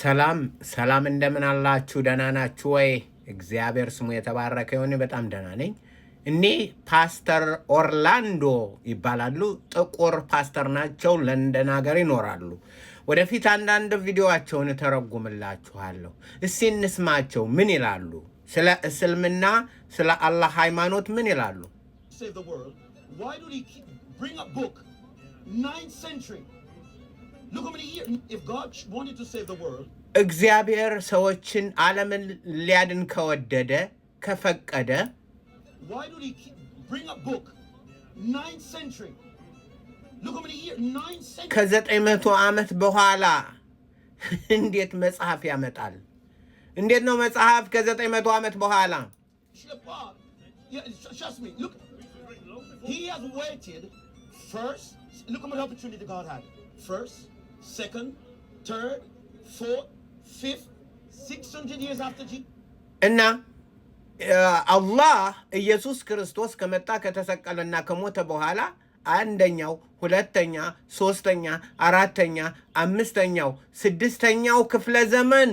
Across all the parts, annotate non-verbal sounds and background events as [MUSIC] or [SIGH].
ሰላም ሰላም፣ እንደምን አላችሁ? ደህና ናችሁ ወይ? እግዚአብሔር ስሙ የተባረከ የሆነ በጣም ደህና ነኝ። እኔ ፓስተር ኦርላንዶ ይባላሉ። ጥቁር ፓስተር ናቸው። ለንደን ሀገር ይኖራሉ። ወደፊት አንዳንድ ቪዲዮዋቸውን ተረጉምላችኋለሁ። እስቲ እንስማቸው። ምን ይላሉ? ስለ እስልምና ስለ አላህ ሃይማኖት ምን ይላሉ? እግዚአብሔር ሰዎችን ዓለምን ሊያድን ከወደደ ከፈቀደ ከዘጠኝ መቶ ዓመት በኋላ እንዴት መጽሐፍ ያመጣል? እንዴት ነው መጽሐፍ ከዘጠኝ መቶ ዓመት በኋላ He has waited first. Look at what opportunity God had. First, እና አላህ ኢየሱስ ክርስቶስ ከመጣ ከተሰቀለና ከሞተ በኋላ አንደኛው፣ ሁለተኛ፣ ሶስተኛ፣ አራተኛ፣ አምስተኛው፣ ስድስተኛው ክፍለ ዘመን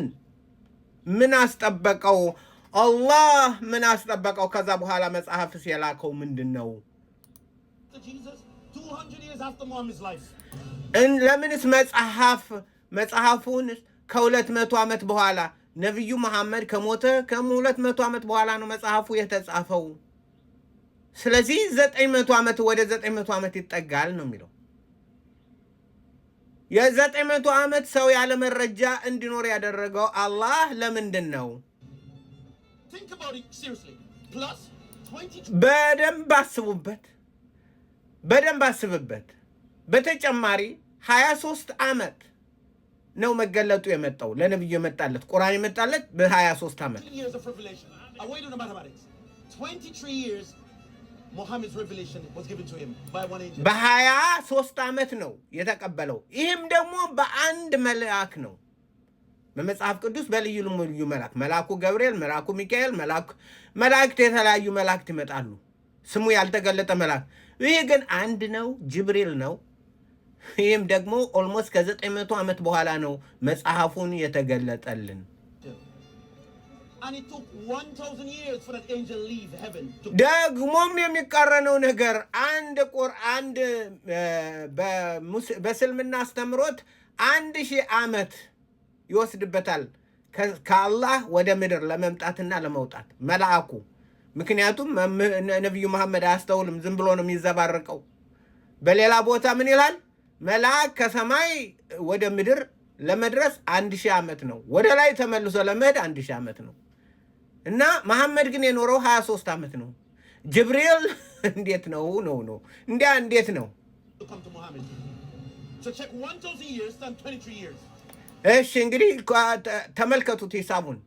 ምን አስጠበቀው? አላህ ምን አስጠበቀው? ከዛ በኋላ መጽሐፍስ የላከው ምንድን ነው? ለምንስ መጽሐፍ መጽሐፉን ከሁለት መቶ ዓመት በኋላ ነቢዩ መሐመድ ከሞተ ከሁለት መቶ ዓመት በኋላ ነው መጽሐፉ የተጻፈው። ስለዚህ ዘጠኝ መቶ ዓመት ወደ ዘጠኝ መቶ ዓመት ይጠጋል ነው የሚለው። የዘጠኝ መቶ ዓመት ሰው ያለ መረጃ እንዲኖር ያደረገው አላህ ለምንድን ነው? በደንብ አስቡበት። በደንብ አስብበት። በተጨማሪ ሶስት ዓመት ነው መገለጡ የመጣው ለነብዩ የመጣለት ቁርአን የመጣለት በ23 ዓመት በሀያ ሶስት ዓመት ነው የተቀበለው። ይህም ደግሞ በአንድ መልአክ ነው። በመጽሐፍ ቅዱስ በልዩ ልዩ መልአክ መልአኩ ገብርኤል፣ መልአኩ ሚካኤል፣ መላእክት የተለያዩ መላእክት ይመጣሉ። ስሙ ያልተገለጠ መልአክ ይሄ ግን አንድ ነው፣ ጅብሪል ነው። ይህም ደግሞ ኦልሞስት ከ900 ዓመት በኋላ ነው መጽሐፉን የተገለጠልን። ደግሞም የሚቃረነው ነገር አንድ ቁር አንድ በእስልምና አስተምሮት አንድ ሺህ ዓመት ይወስድበታል ከአላህ ወደ ምድር ለመምጣትና ለመውጣት መልአኩ ምክንያቱም ነቢዩ መሐመድ አያስተውልም፣ ዝም ብሎ ነው የሚዘባረቀው። በሌላ ቦታ ምን ይላል? መልአክ ከሰማይ ወደ ምድር ለመድረስ አንድ ሺህ ዓመት ነው። ወደ ላይ ተመልሶ ለመሄድ አንድ ሺህ ዓመት ነው እና መሐመድ ግን የኖረው 23 ዓመት ነው። ጅብሪል [LAUGHS] እንዴት ነው ነው ነው እንዲያ እንዴት ነው? እሺ እንግዲህ ተመልከቱት ሂሳቡን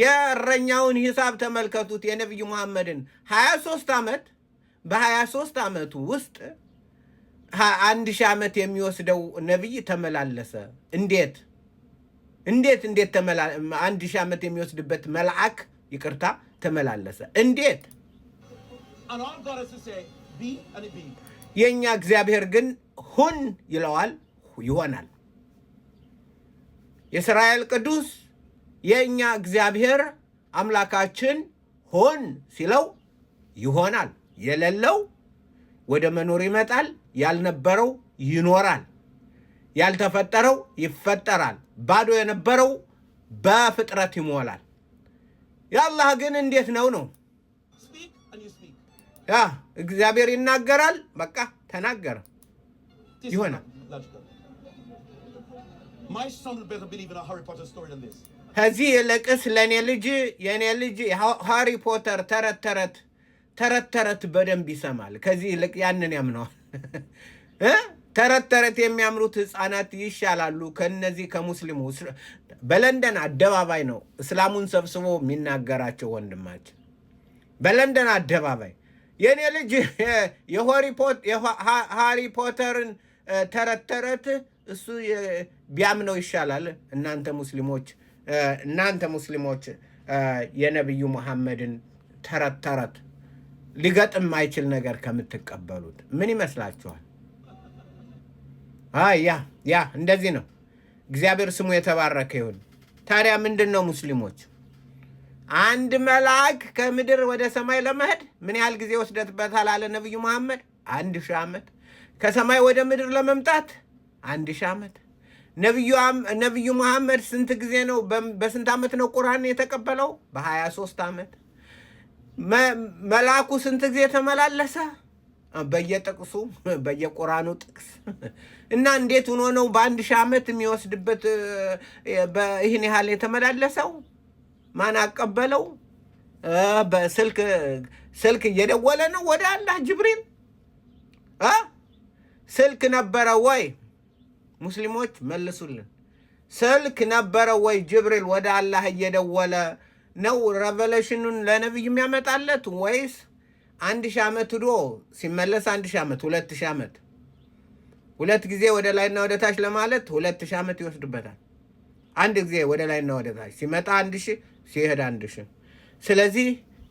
የእረኛውን ሂሳብ ተመልከቱት። የነቢዩ መሐመድን 23 ዓመት በ23 ዓመቱ ውስጥ አንድ ሺህ ዓመት የሚወስደው ነቢይ ተመላለሰ። እንዴት እንዴት እንዴት አንድ ሺህ ዓመት የሚወስድበት መልአክ ይቅርታ ተመላለሰ። እንዴት የእኛ እግዚአብሔር ግን ሁን ይለዋል፣ ይሆናል። የእስራኤል ቅዱስ የእኛ እግዚአብሔር አምላካችን ሆን ሲለው ይሆናል። የሌለው ወደ መኖር ይመጣል። ያልነበረው ይኖራል። ያልተፈጠረው ይፈጠራል። ባዶ የነበረው በፍጥረት ይሞላል። የአላህ ግን እንዴት ነው ነው? ያ እግዚአብሔር ይናገራል። በቃ ተናገረ ይሆናል። ከዚህ ይልቅስ ለእኔ ልጅ የእኔ ልጅ ሃሪ ፖተር ተረት ተረት ተረት ተረት በደንብ ይሰማል። ከዚህ ይልቅ ያንን ያምነዋል። [LAUGHS] ተረት ተረት የሚያምሩት ህፃናት ይሻላሉ ከነዚህ ከሙስሊሙ። በለንደን አደባባይ ነው እስላሙን ሰብስቦ የሚናገራቸው ወንድማችን፣ በለንደን አደባባይ የእኔ ልጅ [LAUGHS] የሃሪ ፖተርን ተረት ተረት እሱ ቢያምነው ይሻላል። እናንተ ሙስሊሞች እናንተ ሙስሊሞች የነቢዩ መሐመድን ተረት ተረት ሊገጥም ማይችል ነገር ከምትቀበሉት ምን ይመስላችኋል? ያ ያ እንደዚህ ነው። እግዚአብሔር ስሙ የተባረከ ይሁን። ታዲያ ምንድን ነው ሙስሊሞች አንድ መልአክ ከምድር ወደ ሰማይ ለመሄድ ምን ያህል ጊዜ ወስደትበታል አለ ነቢዩ መሐመድ? አንድ ሺህ ዓመት። ከሰማይ ወደ ምድር ለመምጣት አንድ ሺህ ዓመት። ነቢዩ መሐመድ ስንት ጊዜ ነው በስንት ዓመት ነው ቁርአን የተቀበለው? በ ሶስት ዓመት መልአኩ ስንት ጊዜ ተመላለሰ? በየጥቅሱ በየቁርአኑ ጥቅስ እና እንዴት ሆኖ ነው በአንድ ሺህ ዓመት የሚወስድበት ይህን ያህል የተመላለሰው? ማን አቀበለው? በስልክ ስልክ እየደወለ ነው ወደ አላህ ጅብሪል። ስልክ ነበረ ወይ? ሙስሊሞች መልሱልን። ስልክ ነበረ ወይ ጅብሪል ወደ አላህ እየደወለ ነው ሬቨሌሽኑን ለነቢይ የሚያመጣለት ወይስ አንድ ሺህ ዓመት ዶ ሲመለስ አንድ ሺህ ዓመት ሁለት ሺህ ዓመት ሁለት ጊዜ ወደ ላይና ወደ ታች ለማለት ሁለት ሺህ ዓመት ይወስድበታል። አንድ ጊዜ ወደ ላይና ወደ ታች ሲመጣ አንድ ሺህ ሲሄድ አንድ ሺህ ስለዚህ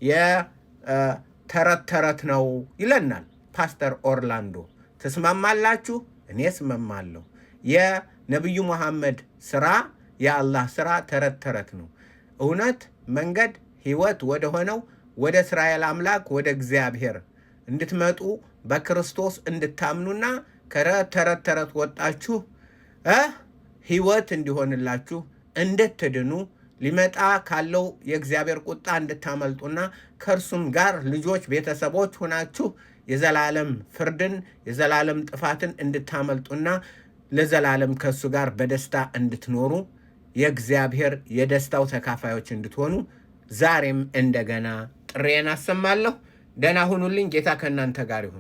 የተረት ተረት ነው ይለናል ፓስተር ኦርላንዶ። ትስማማላችሁ? እኔ እስማማለሁ። የነቢዩ መሐመድ ስራ የአላህ ስራ ተረት ተረት ነው። እውነት መንገድ ህይወት ወደ ሆነው ወደ እስራኤል አምላክ ወደ እግዚአብሔር እንድትመጡ በክርስቶስ እንድታምኑና ከረት ተረት ተረት ወጣችሁ ህይወት እንዲሆንላችሁ እንድትድኑ ሊመጣ ካለው የእግዚአብሔር ቁጣ እንድታመልጡና ከእርሱም ጋር ልጆች ቤተሰቦች ሆናችሁ የዘላለም ፍርድን የዘላለም ጥፋትን እንድታመልጡና ለዘላለም ከእሱ ጋር በደስታ እንድትኖሩ የእግዚአብሔር የደስታው ተካፋዮች እንድትሆኑ ዛሬም እንደገና ጥሬን አሰማለሁ። ደህና ሁኑልኝ። ጌታ ከእናንተ ጋር ይሁን።